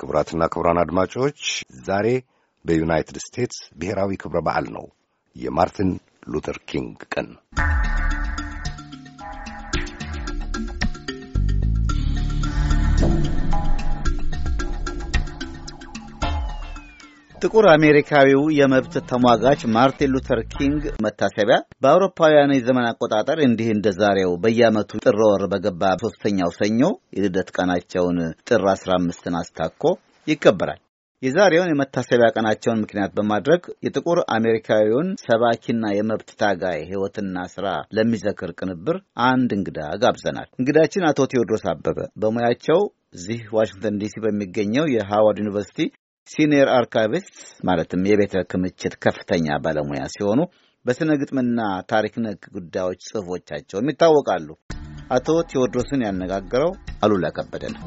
ክቡራትና ክቡራን አድማጮች ዛሬ በዩናይትድ ስቴትስ ብሔራዊ ክብረ በዓል ነው የማርቲን ሉተር ኪንግ ቀን። ጥቁር አሜሪካዊው የመብት ተሟጋች ማርቲን ሉተር ኪንግ መታሰቢያ በአውሮፓውያኑ የዘመን አቆጣጠር እንዲህ እንደ ዛሬው በየዓመቱ ጥር ወር በገባ ሶስተኛው ሰኞ የልደት ቀናቸውን ጥር አስራ አምስትን አስታኮ ይከበራል። የዛሬውን የመታሰቢያ ቀናቸውን ምክንያት በማድረግ የጥቁር አሜሪካዊውን ሰባኪና የመብት ታጋይ ሕይወትና ስራ ለሚዘክር ቅንብር አንድ እንግዳ ጋብዘናል። እንግዳችን አቶ ቴዎድሮስ አበበ በሙያቸው እዚህ ዋሽንግተን ዲሲ በሚገኘው የሃዋርድ ዩኒቨርሲቲ ሲኒየር አርካይቪስት ማለትም የቤተ ክምችት ከፍተኛ ባለሙያ ሲሆኑ በሥነ ግጥምና ታሪክ ነክ ጉዳዮች ጽሑፎቻቸውም ይታወቃሉ። አቶ ቴዎድሮስን ያነጋግረው አሉላ ከበደ ነው።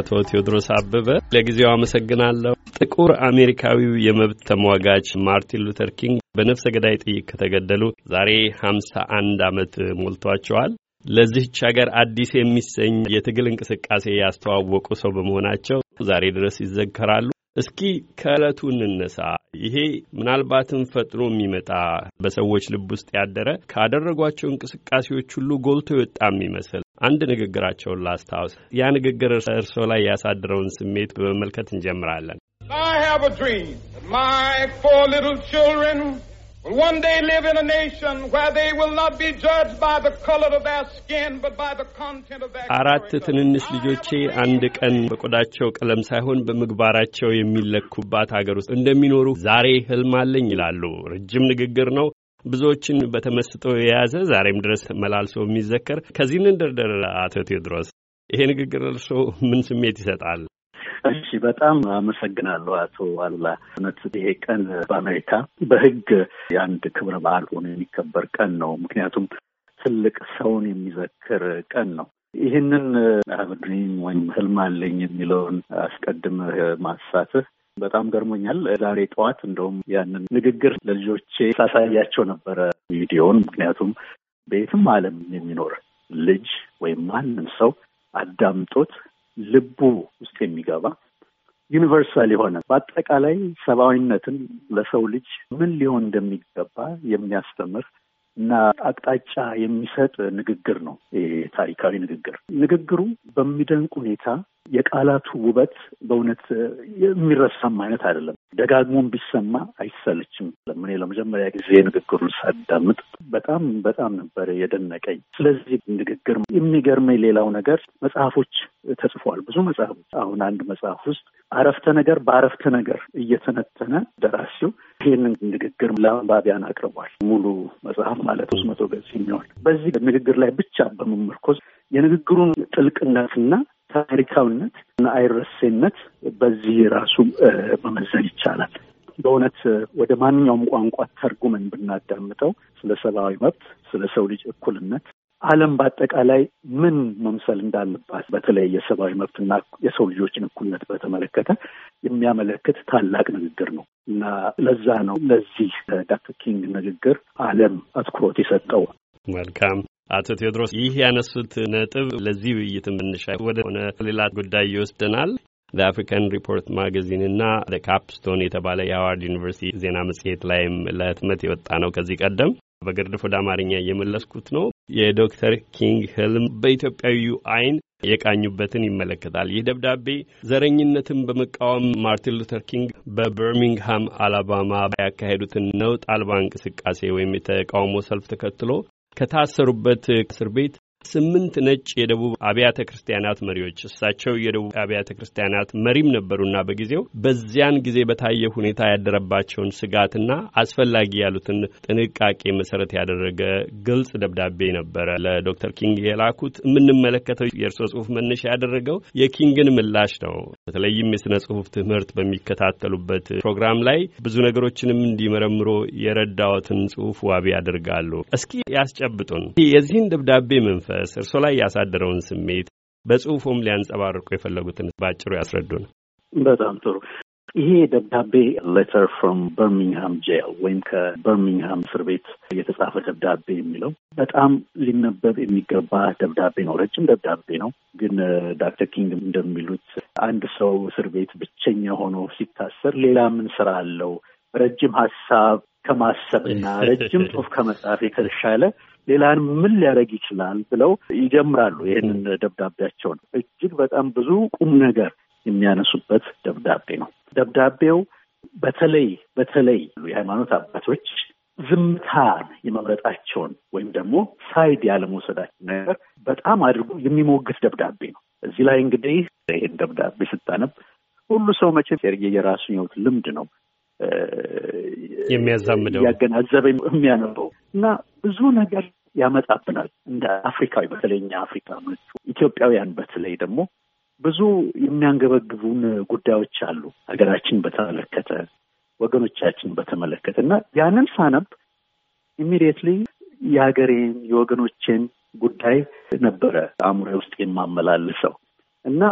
አቶ ቴዎድሮስ አበበ ለጊዜው አመሰግናለሁ። ጥቁር አሜሪካዊው የመብት ተሟጋች ማርቲን ሉተር ኪንግ በነፍሰ ገዳይ ጥይት ከተገደሉ ዛሬ ሀምሳ አንድ ዓመት ሞልቷቸዋል። ለዚህች ሀገር አዲስ የሚሰኝ የትግል እንቅስቃሴ ያስተዋወቁ ሰው በመሆናቸው ዛሬ ድረስ ይዘከራሉ። እስኪ ከእለቱ እንነሳ። ይሄ ምናልባትም ፈጥኖ የሚመጣ በሰዎች ልብ ውስጥ ያደረ ካደረጓቸው እንቅስቃሴዎች ሁሉ ጎልቶ የወጣ የሚመስል አንድ ንግግራቸውን ላስታውስ። ያ ንግግር እርሶ ላይ ያሳድረውን ስሜት በመመልከት እንጀምራለን። I have a dream. My four little children አራት ትንንሽ ልጆቼ አንድ ቀን በቆዳቸው ቀለም ሳይሆን በምግባራቸው የሚለኩባት አገር ውስጥ እንደሚኖሩ ዛሬ ህልም አለኝ ይላሉ። ረጅም ንግግር ነው። ብዙዎችን በተመስጦ የያዘ ዛሬም ድረስ መላልሶ የሚዘከር ከዚህ ንንደርደር አቶ ቴዎድሮስ ይሄ ንግግር እርስዎ ምን ስሜት ይሰጣል? እሺ፣ በጣም አመሰግናለሁ አቶ አሉላ። እውነት ይሄ ቀን በአሜሪካ በህግ የአንድ ክብረ በዓል ሆኖ የሚከበር ቀን ነው። ምክንያቱም ትልቅ ሰውን የሚዘክር ቀን ነው። ይህንን አብድሪም ወይም ህልም አለኝ የሚለውን አስቀድም ማሳትህ በጣም ገርሞኛል። ዛሬ ጠዋት እንደውም ያንን ንግግር ለልጆቼ ሳሳያቸው ነበረ ቪዲዮውን። ምክንያቱም በየትም ዓለም የሚኖር ልጅ ወይም ማንም ሰው አዳምጦት ልቡ ውስጥ የሚገባ ዩኒቨርሳል የሆነ በአጠቃላይ ሰብአዊነትን ለሰው ልጅ ምን ሊሆን እንደሚገባ የሚያስተምር እና አቅጣጫ የሚሰጥ ንግግር ነው። ይሄ ታሪካዊ ንግግር። ንግግሩ በሚደንቅ ሁኔታ የቃላቱ ውበት በእውነት የሚረሳም አይነት አይደለም። ደጋግሞም ቢሰማ አይሰለችም። እኔ ለመጀመሪያ ጊዜ ንግግሩን ሳዳምጥ በጣም በጣም ነበር የደነቀኝ። ስለዚህ ንግግር የሚገርመኝ ሌላው ነገር መጽሐፎች ተጽፏል። ብዙ መጽሐፎች አሁን አንድ መጽሐፍ ውስጥ አረፍተ ነገር በአረፍተ ነገር እየተነተነ ደራሲው ይህንን ንግግር ለአንባቢያን አቅርቧል። ሙሉ መጽሐፍ ማለት ሶስት መቶ ገጽ የሚሆን በዚህ ንግግር ላይ ብቻ በመመርኮዝ የንግግሩን ጥልቅነትና ታሪካዊነት እና አይረሴነት በዚህ ራሱ መመዘን ይቻላል። በእውነት ወደ ማንኛውም ቋንቋ ተርጉመን ብናዳምጠው ስለ ሰብአዊ መብት፣ ስለ ሰው ልጅ እኩልነት ዓለም በአጠቃላይ ምን መምሰል እንዳለባት በተለይ የሰብአዊ መብትና የሰው ልጆችን እኩልነት በተመለከተ የሚያመለክት ታላቅ ንግግር ነው እና ለዛ ነው ለዚህ ኪንግ ንግግር ዓለም አትኩሮት የሰጠው። መልካም አቶ ቴዎድሮስ ይህ ያነሱት ነጥብ ለዚህ ውይይት መነሻ ወደ ሆነ ሌላ ጉዳይ ይወስደናል። ለአፍሪካን ሪፖርት ማገዚን እና ለካፕስቶን የተባለ የሃዋርድ ዩኒቨርሲቲ ዜና መጽሔት ላይም ለህትመት የወጣ ነው። ከዚህ ቀደም በግርድፍ ወደ አማርኛ እየመለስኩት ነው። የዶክተር ኪንግ ህልም በኢትዮጵያዊው አይን የቃኙበትን ይመለከታል። ይህ ደብዳቤ ዘረኝነትን በመቃወም ማርቲን ሉተር ኪንግ በበርሚንግሃም አላባማ ያካሄዱትን ነውጥ አልባ እንቅስቃሴ ወይም የተቃውሞ ሰልፍ ተከትሎ ከታሰሩበት እስር ቤት ስምንት ነጭ የደቡብ አብያተ ክርስቲያናት መሪዎች እሳቸው የደቡብ አብያተ ክርስቲያናት መሪም ነበሩና በጊዜው በዚያን ጊዜ በታየ ሁኔታ ያደረባቸውን ስጋትና አስፈላጊ ያሉትን ጥንቃቄ መሰረት ያደረገ ግልጽ ደብዳቤ ነበረ ለዶክተር ኪንግ የላኩት። የምንመለከተው የእርሶ ጽሁፍ መነሻ ያደረገው የኪንግን ምላሽ ነው። በተለይም የሥነ ጽሁፍ ትምህርት በሚከታተሉበት ፕሮግራም ላይ ብዙ ነገሮችንም እንዲመረምሮ የረዳዎትን ጽሁፍ ዋቢ ያደርጋሉ። እስኪ ያስጨብጡን የዚህን ደብዳቤ መንፈ መንፈስ እርሶ ላይ ያሳደረውን ስሜት በጽሁፉም ሊያንጸባርቁ የፈለጉትን በአጭሩ ያስረዱን። በጣም ጥሩ። ይሄ ደብዳቤ ሌተር ፍሮም በርሚንግሃም ጄል ወይም ከበርሚንግሃም እስር ቤት የተጻፈ ደብዳቤ የሚለው በጣም ሊነበብ የሚገባ ደብዳቤ ነው። ረጅም ደብዳቤ ነው። ግን ዶክተር ኪንግ እንደሚሉት አንድ ሰው እስር ቤት ብቸኛ ሆኖ ሲታሰር ሌላ ምን ስራ አለው? ረጅም ሀሳብ ከማሰብና ረጅም ጽሁፍ ከመጻፍ የተሻለ ሌላን ምን ሊያደርግ ይችላል ብለው ይጀምራሉ። ይህንን ደብዳቤያቸውን እጅግ በጣም ብዙ ቁም ነገር የሚያነሱበት ደብዳቤ ነው። ደብዳቤው በተለይ በተለይ የሃይማኖት አባቶች ዝምታን የመምረጣቸውን ወይም ደግሞ ሳይድ ያለመውሰዳቸው ነገር በጣም አድርጎ የሚሞግት ደብዳቤ ነው። እዚህ ላይ እንግዲህ ይህን ደብዳቤ ስታነብ ሁሉ ሰው መቼም የራሱ የውት ልምድ ነው የሚያዛምደው ያገናዘበ የሚያነበው እና ብዙ ነገር ያመጣብናል። እንደ አፍሪካዊ በተለይ አፍሪካ መ ኢትዮጵያውያን በተለይ ደግሞ ብዙ የሚያንገበግቡን ጉዳዮች አሉ ሀገራችን በተመለከተ ወገኖቻችን በተመለከተ እና ያንን ሳነብ ኢሚዲየትሊ የሀገሬን የወገኖቼን ጉዳይ ነበረ አእምሮ ውስጥ የማመላልሰው እና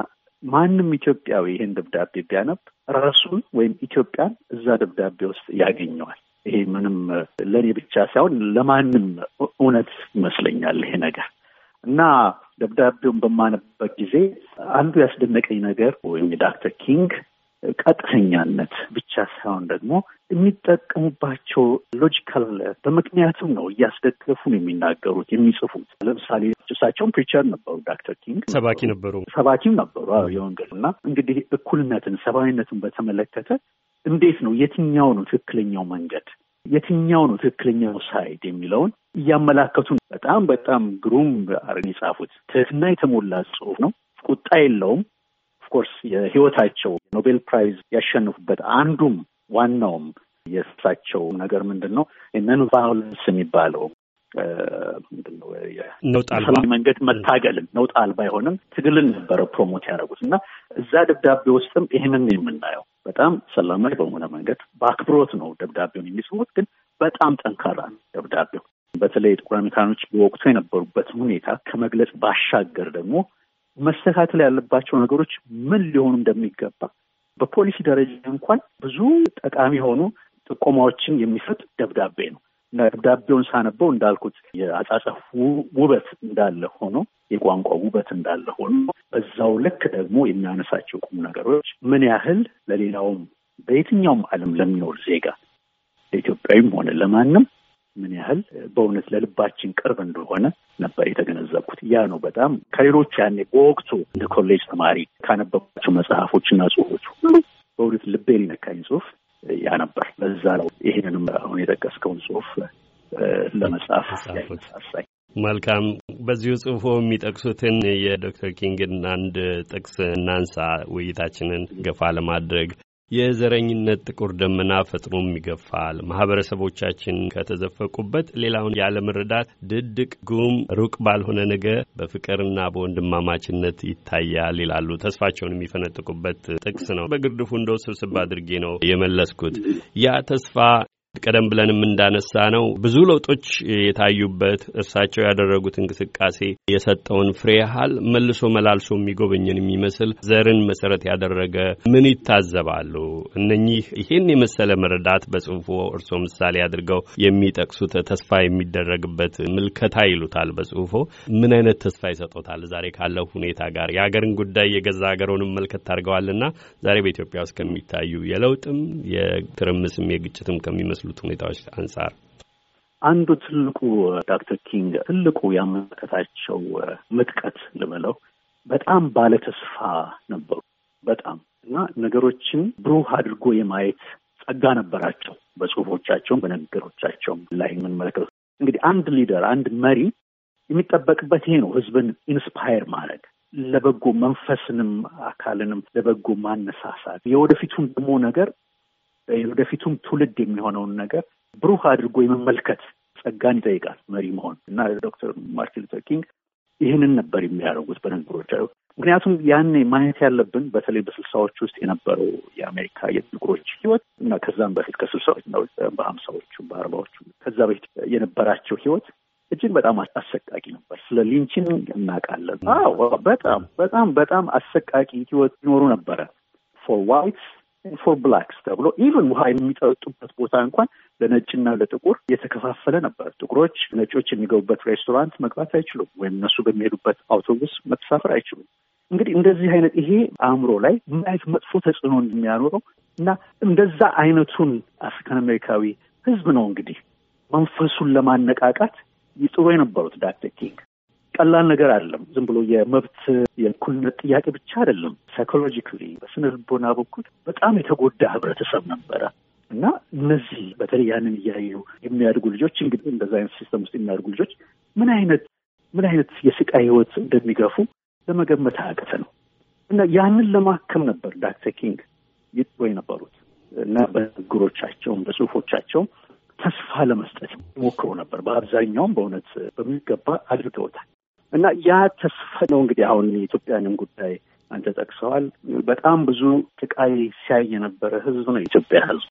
ማንም ኢትዮጵያዊ ይህን ደብዳቤ ቢያነብ ራሱን ወይም ኢትዮጵያን እዛ ደብዳቤ ውስጥ ያገኘዋል። ይሄ ምንም ለእኔ ብቻ ሳይሆን ለማንም እውነት ይመስለኛል ይሄ ነገር እና ደብዳቤውን በማነበት ጊዜ አንዱ ያስደነቀኝ ነገር ወይም የዳክተር ኪንግ ቀጥተኛነት ብቻ ሳይሆን ደግሞ የሚጠቀሙባቸው ሎጂካል በምክንያትም ነው እያስደገፉ ነው የሚናገሩት የሚጽፉት። ለምሳሌ እሳቸውም ፕሪቸር ነበሩ፣ ዳክተር ኪንግ ሰባኪ ነበሩ፣ ሰባኪም ነበሩ የወንጌል እና እንግዲህ እኩልነትን ሰብአዊነትን በተመለከተ እንዴት ነው የትኛው ነው ትክክለኛው መንገድ የትኛው ነው ትክክለኛው ሳይድ የሚለውን እያመላከቱ በጣም በጣም ግሩም አርን የጻፉት ትህትና የተሞላ ጽሁፍ ነው። ቁጣ የለውም። ኦፍኮርስ የህይወታቸው ኖቤል ፕራይዝ ያሸንፉበት አንዱም ዋናውም የእሳቸው ነገር ምንድን ነው ነን ቫዮለንስ የሚባለው መንገድ መታገልን ነውጣ አልባ አይሆንም ትግልን ነበረ ፕሮሞት ያደረጉት እና እዛ ደብዳቤ ውስጥም ይህንን የምናየው በጣም ሰላማዊ በሆነ መንገድ በአክብሮት ነው ደብዳቤውን የሚስሙት ግን በጣም ጠንካራ ነው ደብዳቤው። በተለይ ጥቁር አሜሪካኖች በወቅቱ የነበሩበት ሁኔታ ከመግለጽ ባሻገር ደግሞ መስተካከል ያለባቸው ነገሮች ምን ሊሆኑ እንደሚገባ በፖሊሲ ደረጃ እንኳን ብዙ ጠቃሚ የሆኑ ጥቆማዎችን የሚሰጥ ደብዳቤ ነው። ደብዳቤውን ሳነበው እንዳልኩት የአጻጸፉ ውበት እንዳለ ሆኖ የቋንቋ ውበት እንዳለ ሆኖ በዛው ልክ ደግሞ የሚያነሳቸው ቁም ነገሮች ምን ያህል ለሌላውም በየትኛውም ዓለም ለሚኖር ዜጋ ለኢትዮጵያዊም ሆነ ለማንም ምን ያህል በእውነት ለልባችን ቅርብ እንደሆነ ነበር የተገነዘብኩት። ያ ነው በጣም ከሌሎች ያኔ በወቅቱ እንደ ኮሌጅ ተማሪ ካነበብኳቸው መጽሐፎችና ጽሁፎች ሁሉ በእውነት ልቤን የነካኝ ጽሁፍ ነበር። በዛ ነው ይህንንም አሁን የጠቀስከውን ጽሁፍ ለመጻፍ ያነሳሳኝ። መልካም በዚሁ ጽሁፎ የሚጠቅሱትን የዶክተር ኪንግን አንድ ጥቅስ እናንሳ ውይይታችንን ገፋ ለማድረግ የዘረኝነት ጥቁር ደመና ፈጥኖም ይገፋል። ማህበረሰቦቻችን ከተዘፈቁበት ሌላውን ያለመረዳት ድድቅ ጉም ሩቅ ባልሆነ ነገ በፍቅርና በወንድማማችነት ይታያል ይላሉ። ተስፋቸውን የሚፈነጥቁበት ጥቅስ ነው። በግርድፉ እንደው ስብስብ አድርጌ ነው የመለስኩት። ያ ተስፋ ቀደም ብለንም እንዳነሳ ነው ብዙ ለውጦች የታዩበት እርሳቸው ያደረጉት እንቅስቃሴ የሰጠውን ፍሬ ያህል መልሶ መላልሶ የሚጎበኝን የሚመስል ዘርን መሰረት ያደረገ ምን ይታዘባሉ እነኚህ ይህን የመሰለ መረዳት በጽሁፎ እርስዎ ምሳሌ አድርገው የሚጠቅሱት ተስፋ የሚደረግበት ምልከታ ይሉታል በጽሁፎ ምን አይነት ተስፋ ይሰጦታል? ዛሬ ካለው ሁኔታ ጋር የሀገርን ጉዳይ የገዛ ሀገሩንም መልከት ታድርገዋልና ዛሬ በኢትዮጵያ ውስጥ ከሚታዩ የለውጥም የትርምስም የግጭትም ከሚመስሉ ካሉት ሁኔታዎች አንጻር አንዱ ትልቁ ዶክተር ኪንግ ትልቁ ያመለከታቸው ምጥቀት ልበለው በጣም ባለተስፋ ነበሩ። በጣም እና ነገሮችን ብሩህ አድርጎ የማየት ጸጋ ነበራቸው። በጽሁፎቻቸውም በንግግሮቻቸውም ላይ የምንመለከተው እንግዲህ አንድ ሊደር አንድ መሪ የሚጠበቅበት ይሄ ነው፣ ህዝብን ኢንስፓየር ማድረግ ለበጎ መንፈስንም አካልንም ለበጎ ማነሳሳት የወደፊቱን ደግሞ ነገር ወደፊቱም ትውልድ የሚሆነውን ነገር ብሩህ አድርጎ የመመልከት ጸጋን ይጠይቃል መሪ መሆን እና ዶክተር ማርቲን ሉተር ኪንግ ይህንን ነበር የሚያደርጉት በንግግሮቻቸው። ምክንያቱም ያኔ ማየት ያለብን በተለይ በስልሳዎች ውስጥ የነበረው የአሜሪካ የንግሮች ህይወት እና ከዛም በፊት ከስልሳዎች በሀምሳዎቹ በአርባዎቹ ከዛ በፊት የነበራቸው ህይወት እጅግ በጣም አሰቃቂ ነበር። ስለ ሊንችን እናውቃለን። አዎ በጣም በጣም በጣም አሰቃቂ ህይወት ይኖሩ ነበረ ፎር ዋይትስ ፎር ብላክስ ተብሎ ኢቨን ውሃ የሚጠጡበት ቦታ እንኳን ለነጭና ለጥቁር የተከፋፈለ ነበር። ጥቁሮች ነጮች የሚገቡበት ሬስቶራንት መግባት አይችሉም፣ ወይም እነሱ በሚሄዱበት አውቶቡስ መተሳፈር አይችሉም። እንግዲህ እንደዚህ አይነት ይሄ አእምሮ ላይ ምን አይነት መጥፎ ተጽዕኖ እንደሚያኖረው እና እንደዛ አይነቱን አፍሪካን አሜሪካዊ ህዝብ ነው እንግዲህ መንፈሱን ለማነቃቃት ይጥሩ የነበሩት ዳክተር ኪንግ ቀላል ነገር አይደለም። ዝም ብሎ የመብት የእኩልነት ጥያቄ ብቻ አይደለም። ሳይኮሎጂካሊ በስነ ልቦና በኩል በጣም የተጎዳ ህብረተሰብ ነበረ። እና እነዚህ በተለይ ያንን እያዩ የሚያድጉ ልጆች እንግዲህ እንደዛ አይነት ሲስተም ውስጥ የሚያድጉ ልጆች ምን አይነት ምን አይነት የስቃይ ህይወት እንደሚገፉ ለመገመት አያቅት ነው። እና ያንን ለማከም ነበር ዳክተር ኪንግ ይጥሩ የነበሩት እና በንግግሮቻቸውም በጽሁፎቻቸውም ተስፋ ለመስጠት ሞክሮ ነበር። በአብዛኛውም በእውነት በሚገባ አድርገውታል። እና ያ ተስፋ ነው እንግዲህ አሁን የኢትዮጵያንም ጉዳይ አንተ ጠቅሰዋል። በጣም ብዙ ስቃይ ሲያይ የነበረ ህዝብ ነው የኢትዮጵያ ህዝብ።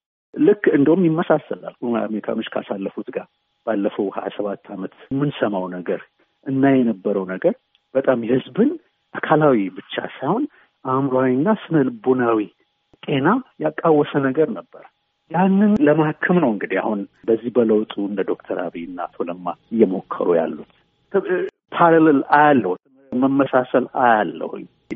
ልክ እንደውም ይመሳሰላል አሜሪካኖች ካሳለፉት ጋር ባለፈው ሀያ ሰባት ዓመት የምንሰማው ነገር እና የነበረው ነገር በጣም የህዝብን አካላዊ ብቻ ሳይሆን አእምሯዊና ስነ ልቦናዊ ጤና ያቃወሰ ነገር ነበር። ያንን ለማከም ነው እንግዲህ አሁን በዚህ በለውጡ እንደ ዶክተር አብይ እና አቶ ለማ እየሞከሩ ያሉት። ፓራሌል አያለሁ፣ መመሳሰል አያለሁ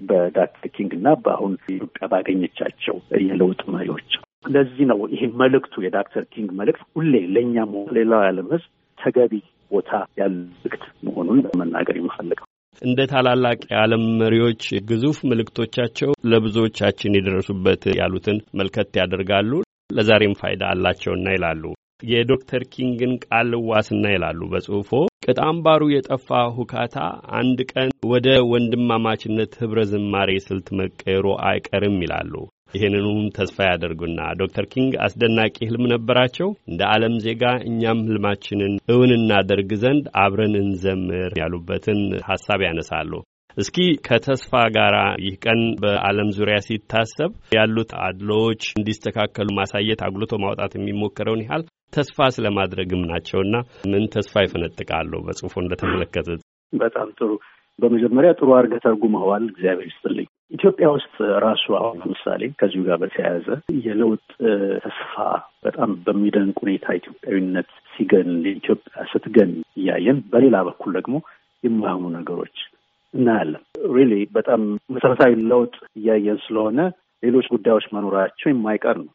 በዳክተር ኪንግ እና በአሁን ኢትዮጵያ ባገኘቻቸው የለውጥ መሪዎች። ለዚህ ነው ይሄ መልእክቱ የዳክተር ኪንግ መልእክት ሁሌ ለእኛም ሌላው የዓለም ሕዝብ ተገቢ ቦታ ያለ መልእክት መሆኑን መናገር የምፈልገው እንደ ታላላቅ የዓለም መሪዎች ግዙፍ ምልክቶቻቸው ለብዙዎቻችን የደረሱበት ያሉትን መልከት ያደርጋሉ፣ ለዛሬም ፋይዳ አላቸውና ይላሉ። የዶክተር ኪንግን ቃል ዋስና ይላሉ በጽሁፎ ቅጣምባሩ የጠፋ ሁካታ አንድ ቀን ወደ ወንድማማችነት ህብረ ዝማሬ ስልት መቀየሩ አይቀርም ይላሉ። ይህንኑም ተስፋ ያደርጉና ዶክተር ኪንግ አስደናቂ ህልም ነበራቸው። እንደ ዓለም ዜጋ እኛም ህልማችንን እውን እናደርግ ዘንድ አብረን እንዘምር ያሉበትን ሀሳብ ያነሳሉ። እስኪ ከተስፋ ጋር ይህ ቀን በዓለም ዙሪያ ሲታሰብ ያሉት አድሎዎች እንዲስተካከሉ ማሳየት አጉልቶ ማውጣት የሚሞክረውን ያህል ተስፋ ስለማድረግም ናቸውና ምን ተስፋ ይፈነጥቃሉ? በጽሁፎ እንደተመለከተ በጣም ጥሩ። በመጀመሪያ ጥሩ አድርገህ ተርጉመዋል። እግዚአብሔር ይስጥልኝ። ኢትዮጵያ ውስጥ ራሱ አሁን ለምሳሌ ከዚሁ ጋር በተያያዘ የለውጥ ተስፋ በጣም በሚደንቅ ሁኔታ ኢትዮጵያዊነት ሲገን ኢትዮጵያ ስትገን እያየን፣ በሌላ በኩል ደግሞ የማይሆኑ ነገሮች እናያለን። ሪሊ በጣም መሰረታዊ ለውጥ እያየን ስለሆነ ሌሎች ጉዳዮች መኖራቸው የማይቀር ነው።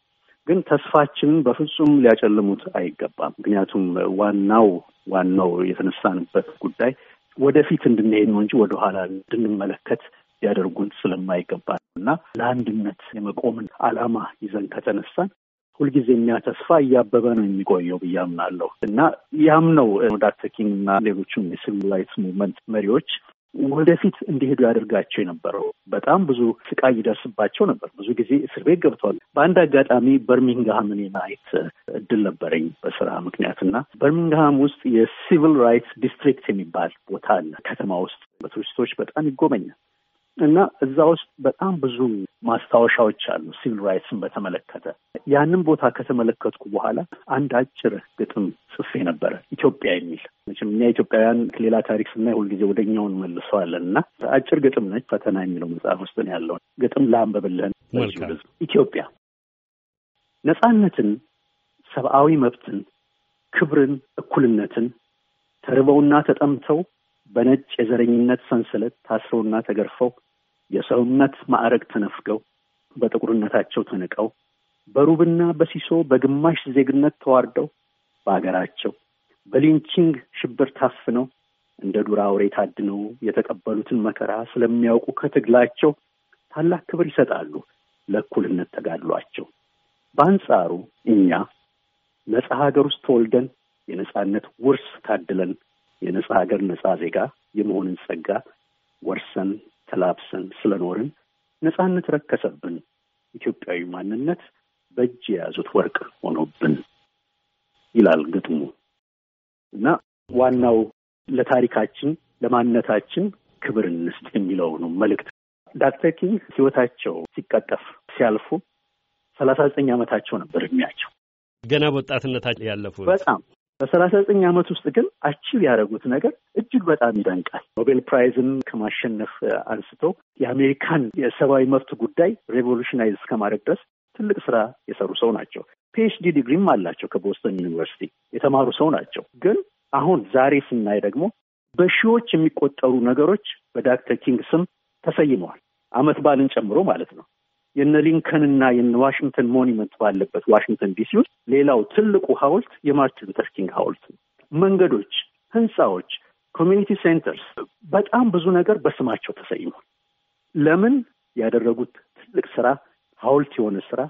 ግን ተስፋችንን በፍጹም ሊያጨልሙት አይገባም። ምክንያቱም ዋናው ዋናው የተነሳንበት ጉዳይ ወደፊት እንድንሄድ ነው እንጂ ወደኋላ እንድንመለከት ሊያደርጉን ስለማይገባ እና ለአንድነት የመቆምን ዓላማ ይዘን ከተነሳን ሁልጊዜ የሚያ ተስፋ እያበበ ነው የሚቆየው ብዬ አምናለሁ እና ያም ነው ዳክተር ኪንግ እና ሌሎችም የሲቪል ራይትስ ሙቭመንት መሪዎች ወደፊት እንዲሄዱ ያደርጋቸው የነበረው በጣም ብዙ ስቃይ ይደርስባቸው ነበር። ብዙ ጊዜ እስር ቤት ገብተዋል። በአንድ አጋጣሚ በርሚንግሃምን የማየት እድል ነበረኝ በስራ ምክንያት እና በርሚንግሃም ውስጥ የሲቪል ራይትስ ዲስትሪክት የሚባል ቦታ አለ ከተማ ውስጥ በቱሪስቶች በጣም ይጎበኛል። እና እዛ ውስጥ በጣም ብዙ ማስታወሻዎች አሉ ሲቪል ራይትስን በተመለከተ። ያንን ቦታ ከተመለከትኩ በኋላ አንድ አጭር ግጥም ጽፌ ነበረ ኢትዮጵያ የሚል መቼም እኛ ኢትዮጵያውያን ሌላ ታሪክ ስናይ ሁልጊዜ ወደኛውን መልሰዋለን እና አጭር ግጥም ነች። ፈተና የሚለው መጽሐፍ ውስጥ ነው ግጥም ለአንበብልህን። ኢትዮጵያ ነጻነትን፣ ሰብአዊ መብትን፣ ክብርን፣ እኩልነትን ተርበውና ተጠምተው በነጭ የዘረኝነት ሰንሰለት ታስረውና ተገርፈው የሰውነት ማዕረግ ተነፍገው በጥቁርነታቸው ተንቀው በሩብና በሲሶ በግማሽ ዜግነት ተዋርደው በአገራቸው በሊንቺንግ ሽብር ታፍነው እንደ ዱር አውሬ ታድነው የተቀበሉትን መከራ ስለሚያውቁ ከትግላቸው ታላቅ ክብር ይሰጣሉ ለእኩልነት ተጋድሏቸው። በአንጻሩ እኛ ነፃ ሀገር ውስጥ ተወልደን የነፃነት ውርስ ታድለን የነፃ ሀገር ነፃ ዜጋ የመሆንን ጸጋ ወርሰን ተላብሰን ስለኖርን ነፃነት ረከሰብን። ኢትዮጵያዊ ማንነት በእጅ የያዙት ወርቅ ሆኖብን ይላል ግጥሙ እና ዋናው ለታሪካችን ለማንነታችን ክብር እንስጥ የሚለው ነው መልእክት። ዶክተር ኪንግ ህይወታቸው ሲቀጠፍ ሲያልፉ ሰላሳ ዘጠኝ ዓመታቸው ነበር እድሜያቸው። ገና በወጣትነታቸው ያለፉ በጣም በሰላሳ ዘጠኝ ዓመት ውስጥ ግን አቺቭ ያደረጉት ነገር እጅግ በጣም ይደንቃል። ኖቤል ፕራይዝን ከማሸነፍ አንስቶ የአሜሪካን የሰብአዊ መብት ጉዳይ ሬቮሉሽናይዝ እስከማድረግ ድረስ ትልቅ ስራ የሰሩ ሰው ናቸው። ፒኤችዲ ዲግሪም አላቸው ከቦስተን ዩኒቨርሲቲ የተማሩ ሰው ናቸው። ግን አሁን ዛሬ ስናይ ደግሞ በሺዎች የሚቆጠሩ ነገሮች በዳክተር ኪንግ ስም ተሰይመዋል። አመት በዓልን ጨምሮ ማለት ነው። የነ ሊንከንና የነ ዋሽንግተን ሞኒመንት ባለበት ዋሽንግተን ዲሲ ውስጥ ሌላው ትልቁ ሀውልት የማርቲን ሉተር ኪንግ ነው። መንገዶች፣ ህንፃዎች፣ ኮሚኒቲ ሴንተርስ፣ በጣም ብዙ ነገር በስማቸው ተሰይሟል። ለምን ያደረጉት ትልቅ ስራ ሀውልት የሆነ ስራ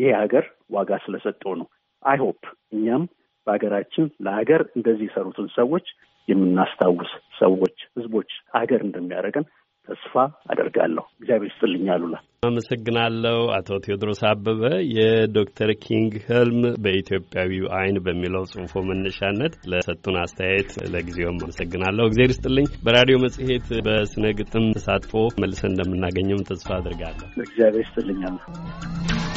ይሄ ሀገር ዋጋ ስለሰጠው ነው። አይሆፕ እኛም በሀገራችን ለሀገር እንደዚህ የሰሩትን ሰዎች የምናስታውስ ሰዎች፣ ህዝቦች ሀገር እንደሚያደርገን ተስፋ አደርጋለሁ። እግዚአብሔር ይስጥልኝ አሉላ። አመሰግናለሁ አቶ ቴዎድሮስ አበበ። የዶክተር ኪንግ ህልም በኢትዮጵያዊው አይን በሚለው ጽሁፎ መነሻነት ለሰጡን አስተያየት ለጊዜውም አመሰግናለሁ። እግዜር ይስጥልኝ። በራዲዮ መጽሔት በስነ ግጥም ተሳትፎ መልሰን እንደምናገኘውም ተስፋ አድርጋለሁ። እግዚአብሔር ይስጥልኛለሁ።